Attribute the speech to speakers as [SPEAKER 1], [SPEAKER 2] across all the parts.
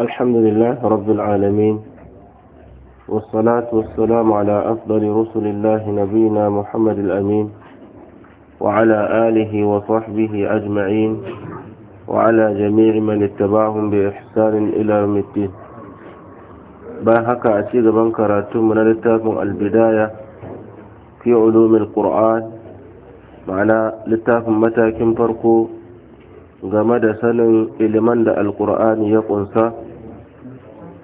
[SPEAKER 1] الحمد لله رب العالمين والصلاة والسلام على أفضل رسل الله نبينا محمد الأمين وعلى آله وصحبه أجمعين وعلى جميع من اتبعهم بإحسان إلى يوم الدين باهك أشيد من كراتم من لتاكم البداية في علوم القرآن معنا لتاكم متى كم فرقوا غمد سنن sanin القرآن da alkur'ani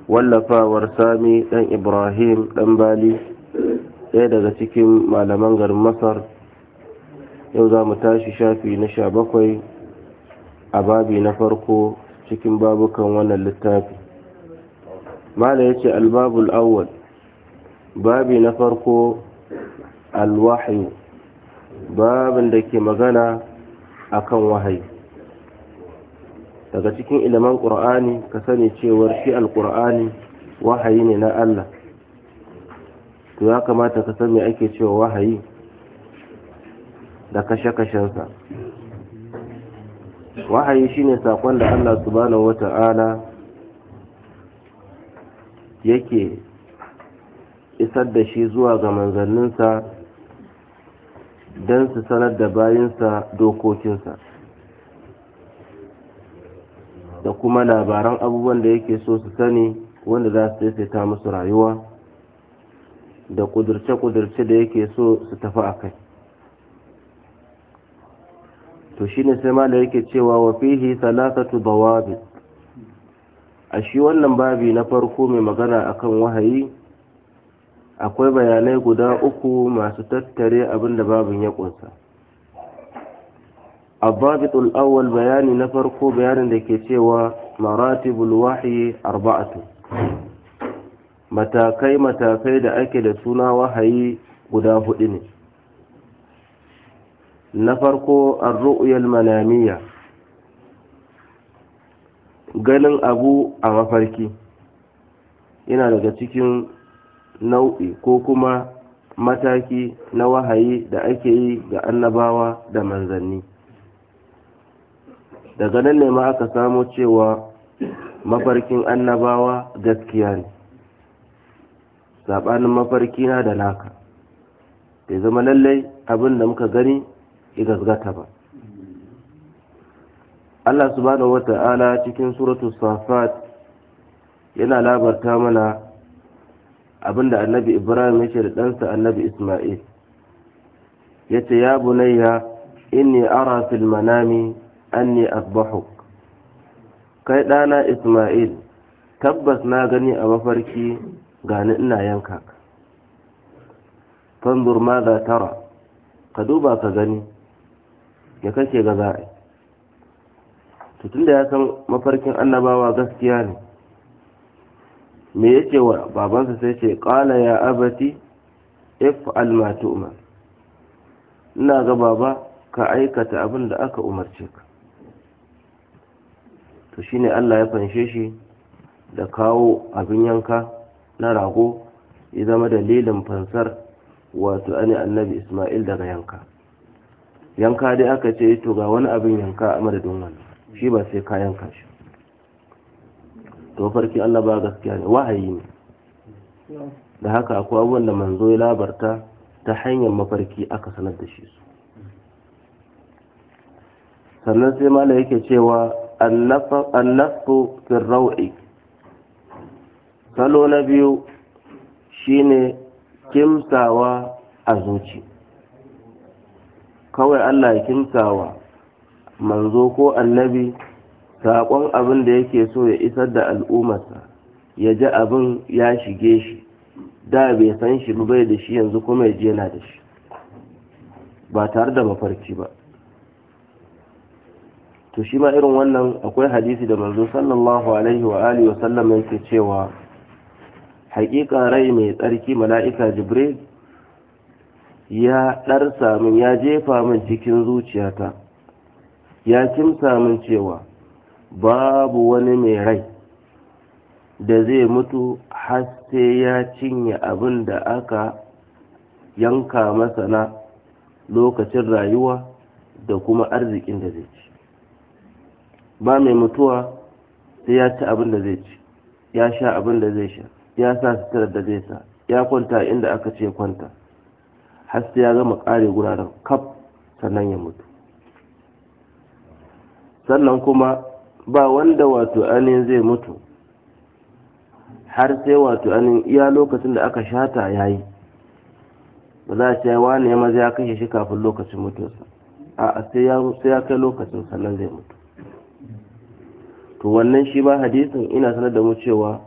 [SPEAKER 1] wallafawar sami ɗan ibrahim ɗan bali ɗaya daga cikin malaman garin masar yau za mu tashi shafi na sha bakwai a babi na farko cikin babukan wannan littafi mala ya ce albabul awwal babi na farko alwahayu babin da ke magana akan wahayi daga cikin ilimin ƙur'ani ka sani cewar shi alƙur'ani wahayi ne na Allah to ya kamata ka sani ake cewa wahayi da kashe-kashensa wahayi shine saƙon da Allah subhanahu wata'ala yake isar da shi zuwa ga manzanninsa don su sanar da bayinsa dokokinsa da kuma labaran abubuwan da yake so su sani wanda za su saisaita musu rayuwa da kudurce-kudurce da yake so su tafi a kai to shi ne sai ma da yake cewa wa fihi salatatu dawabi a shi wannan babi na farko mai magana akan wahayi akwai bayanai guda uku masu tattare abin da babin ya ƙunsa. الضابط الأول بيان نفرق بيان دكيتي مراتب الوحي أربعة متاكي متاكي دا أكل سنا وحي قداف إني نفرق الرؤية المنامية قال abu a mafarki yana daga cikin nau'i ko kuma mataki na wahayi da ake yi daga nan ne ma aka samo cewa mafarkin annabawa gaskiya ne saɓanin na da naka bai zama lallai abin da muka gani ya gasgata ba Allah subhanahu ta'ala cikin suratu safat yana labarta mana abin da annabi ibrahim ya ce da ɗansa annabi isma'il yace ya bunayya inni ara fil manami anni asbahuk kai ɗana isma'il tabbas na gani a mafarki gani ina yanka ka fanzur ma za tara ka duba ka gani ya kake ga za'a tutun da ya san mafarkin annabawa gaskiya ne me ya ce wa babansa sai ce ƙala ya abati if almatu umar ina ga baba ka aikata abin da aka umarce ka to shine Allah ya fanshe shi da kawo abin yanka na rago ya zama dalilin fansar wato ani annabi Ismail daga yanka yanka dai aka ce to ga wani abin yanka a madadin wani, shi ba sai ka yanka shi to farki Allah ba gaskiya ne wahayi ne da haka akwai abubuwan da manzo ya labarta ta hanyar mafarki aka sanar da shi su sannan sai mala yake cewa allafu firrau'i salo na biyu shine kimsawa a zuci kawai allah ya kimsawa manzo ko annabi saƙon abin da yake so ya isar da al'ummarsa ya ji abin ya shige shi da bai san shi bai da shi yanzu kuma ya je yana da shi ba tare da mafarki ba to shi ma irin wannan akwai hadisi da manzo sallallahu alaihi wa alihi wa sallam yake cewa haƙiƙa rai mai tsarki mala'ika jibril ya ɗarsa min ya jefa min cikin zuciyata ya kimsa min cewa babu wani mai rai da zai mutu har sai ya cinye abin da aka yanka masa na lokacin rayuwa da kuma arzikin da zai ba mai mutuwa sai ya ci abin da zai ci ya sha abin da zai sha ya sa suturar da zai sa ya kwanta inda aka ce kwanta har sai ya gama kare guraren kaf sannan ya mutu sannan kuma ba wanda wato anin zai mutu har sai wato anin iya lokacin da aka shata ya yi ba za a ce wani ya maza ya kashe shi kafin lokacin mutuwarsa a sai ya kai lokacin sannan zai mutu to wannan shi ba hadisin ina sanar da mu cewa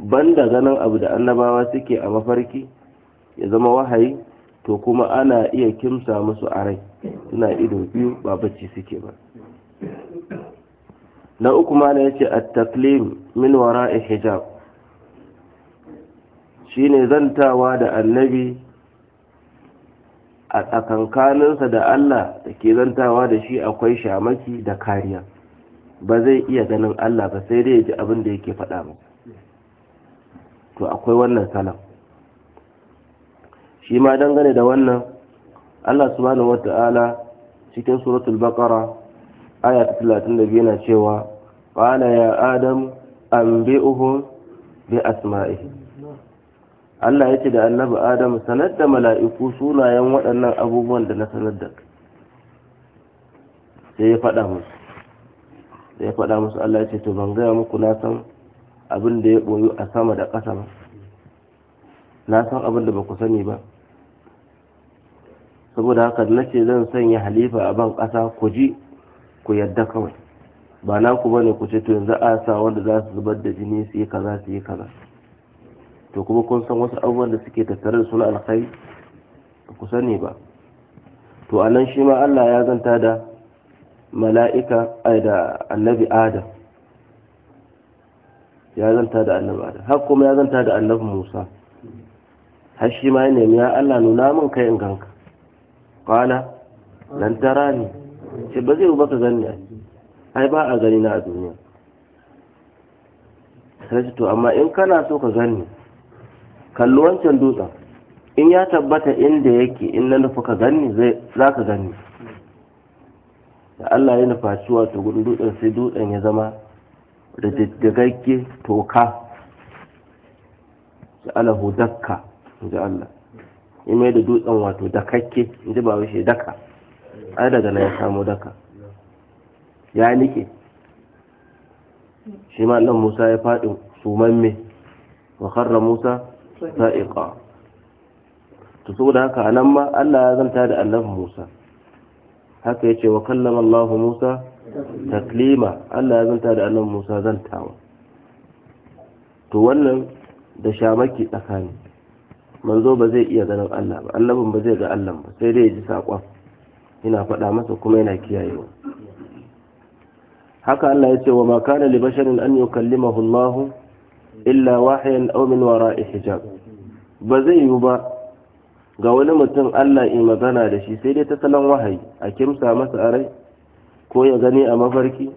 [SPEAKER 1] banda ganin abu da annabawa suke a mafarki ya zama wahayi to kuma ana iya kimsa musu a rai suna ido biyu ba bacci suke ba na uku ma na ce at-taklim min wara'i hijab shine zantawa da annabi a tsakankaninsa da Allah da ke zantawa da shi akwai shamaki da kariya ba zai iya ganin Allah ba sai dai ya ji abin da yake faɗa ma. to akwai wannan salam shi ma dangane da wannan Allah subhanahu wata'ala cikin suratul baqara aya ta 32 yana cewa qala ya adam bi asma'ihi Allah ya ce da annabi Adam sanar da mala'iku sunayen waɗannan abubuwan da na sanar da sai ya faɗa musu da ya faɗa musu Allah ya ce to ban gaya muku na san abin da ya boyo a sama da ƙasa ba na san abin da ba ku sani ba saboda haka na ce zan sanya halifa a ban ƙasa ku ji ku yadda kawai ba na ku bane ku ce to yanzu a sa wanda za su zubar da jini su yi kaza su yi kaza to kuma kun san wasu abubuwan da suke tattare da suna alkhairi ku sani ba to anan shi ma Allah ya zanta da mala'ika da annabi adam ya zanta da annabi adam har kuma ya zanta da annabi musa har shi ma ya nemi ya allah nuna min kai in ganka kwana nan tara ne ce ba zai baka gani ai ba a gani na a duniya sai to amma in kana so ka gani kalli wancan dutsen in ya tabbata inda yake in na nufi ka gani zai za ka gani da Allah ya nufaci wato gudun dutsen sai dutsen ya zama da daddagagge toka da alahu dakka inji Allah ya mai da dutsen wato dakakke inji ba wuce daka ai daga nan ya samu daka ya nike shi ma Allah Musa ya faɗi sumamme wa kharra Musa sa'iqa to saboda haka anan ma Allah ya zanta da annabi Musa haka ce wa kallama Allah Musa taklima Allah ya zanta da annabi Musa zantawa to wannan da shamaki tsakani manzo ba zai iya ganin Allah ba annabin ba zai ga Allah ba sai dai ya ji saƙon yana faɗa masa kuma yana kiyayewa haka Allah ya ce wa ma kana li basharin an yukallimahu Allah illa wahyan aw min wara'i hijab ba zai yiwu ba ga wani mutum Allah yi magana da shi sai dai ta salon wahayi a kimsa masa a rai ko ya gani a mafarki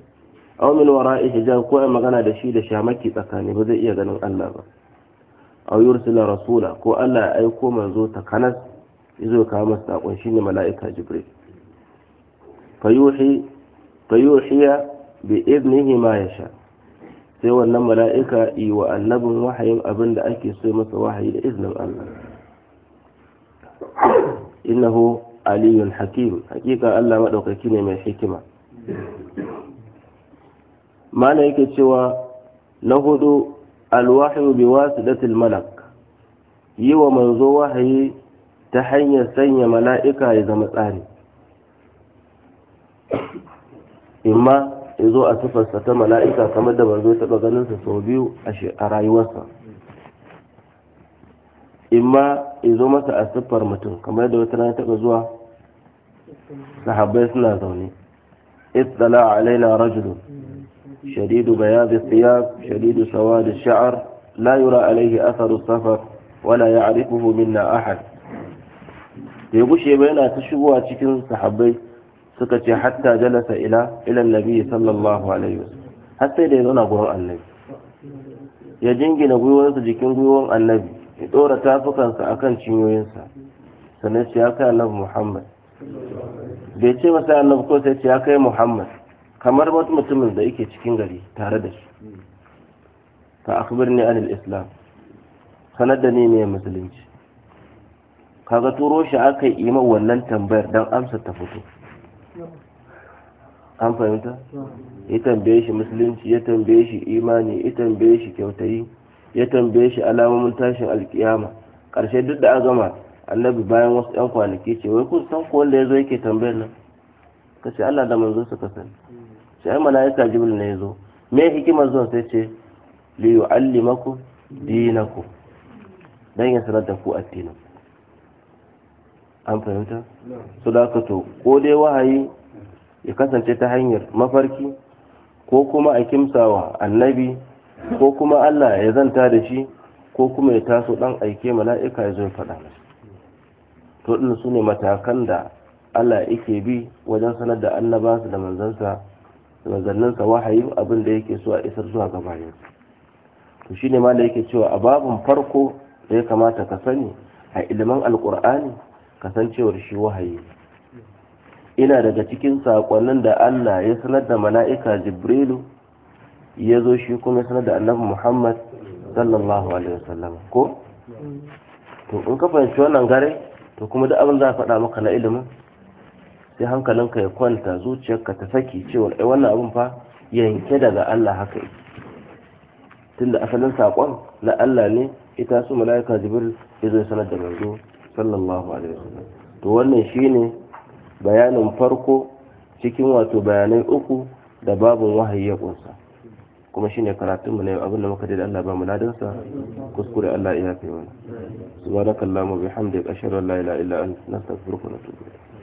[SPEAKER 1] aumin min wara'i hijab ko ya magana da shi da shamaki tsakani ba zai iya ganin Allah ba aw yursila rasula ko Allah ya aiko manzo ta kanas izo ka masa sakon ne mala'ika jibril fayuhi fayuhiya bi iznihi ma yasha sai wannan mala'ika yi wa annabin wahayin abin da ake so masa wahayi da iznin Allah innahu aliyun hakim hakika Allah madaukaki ne mai hikima mana yake cewa na hudu alwahyu bi wasidatil malak yi wa manzo wahayi ta hanyar sanya mala'ika ya zama tsari imma ya zo a sifarsa mala'ika kamar da manzo taɓa ganinsa sau biyu a rayuwarsa imma izo masa a siffar mutum kamar da wata rana taɓa zuwa sahabbai suna zaune ittala alaina rajulun shadidu bayadi siyab shadidu sawadi sha'ar la yura alaihi atharu safar wala ya'rifuhu minna ahad ya gushe ba yana ta shigowa cikin sahabbai suka ce hatta jalasa ila ila annabi sallallahu alaihi wasallam har sai da ya zauna gurin annabi ya jingina gwiwarsa jikin gwiwar annabi ya ɗora tafukansa a kan cinyoyinsa sannan ce ya kai annabi muhammad bai ce masa annabi ko sai ce ya kai muhammad kamar wata mutumin da yake cikin gari tare da shi ta akbir ni anil islam sanar da ni ne musulunci kaga turo shi aka yi iman wannan tambayar don amsa ta fito an fahimta ya tambaye shi musulunci ya tambaye shi imani ya tambaye shi kyautayi ya tambaye shi alamomin tashin alkiyama ƙarshe duk da a gama annabi bayan wasu 'yan kwanaki ce wai kun san ko wanda ya zo yake tambayar nan ka ce Allah da manzo suka sani sai ai mala'ika jibril ne ya zo me hikimar zuwa sai ce li yu'allimakum dinakum dan ya sanar da ku addinin an fahimta su da ka to ko dai wahayi ya kasance ta hanyar mafarki ko kuma a kimsawa annabi ko kuma Allah ya zanta da shi ko kuma ya taso dan aike mala'ika ya zo ya faɗa masa to din su ne matakan da Allah yake bi wajen sanar da annabansa da manzansa da manzanninsa wahayin abin da yake so a isar zuwa ga bayansa to shine ma da yake cewa a babun farko da ya kamata ka sani a ilimin alkur'ani kasancewar shi wahayi ina daga cikin saƙonnin da Allah ya sanar da mala'ika Jibrilu ya zo shi kuma sanar da annabi muhammad sallallahu alaihi wasallam ko to in ka fahimci wannan gare to kuma duk abin za a faɗa maka na ilimin sai hankalinka ya kwanta zuciyarka ta saki cewa ai wannan abin fa yanke daga Allah haka tunda asalin saƙon na Allah ne ita su mala'ika jibril ya zo sanar da manzo sallallahu alaihi wasallam to wannan shine bayanin farko cikin wato bayanai uku da babin wahayi ya kunsa kuma shine karatun mu na yau abinda muka da Allah ba mu ladansa kuskure Allah ya yafe mana subhanakallahumma bihamdika ashhadu an la ilaha illa anta nastaghfiruka wa natubu ilayk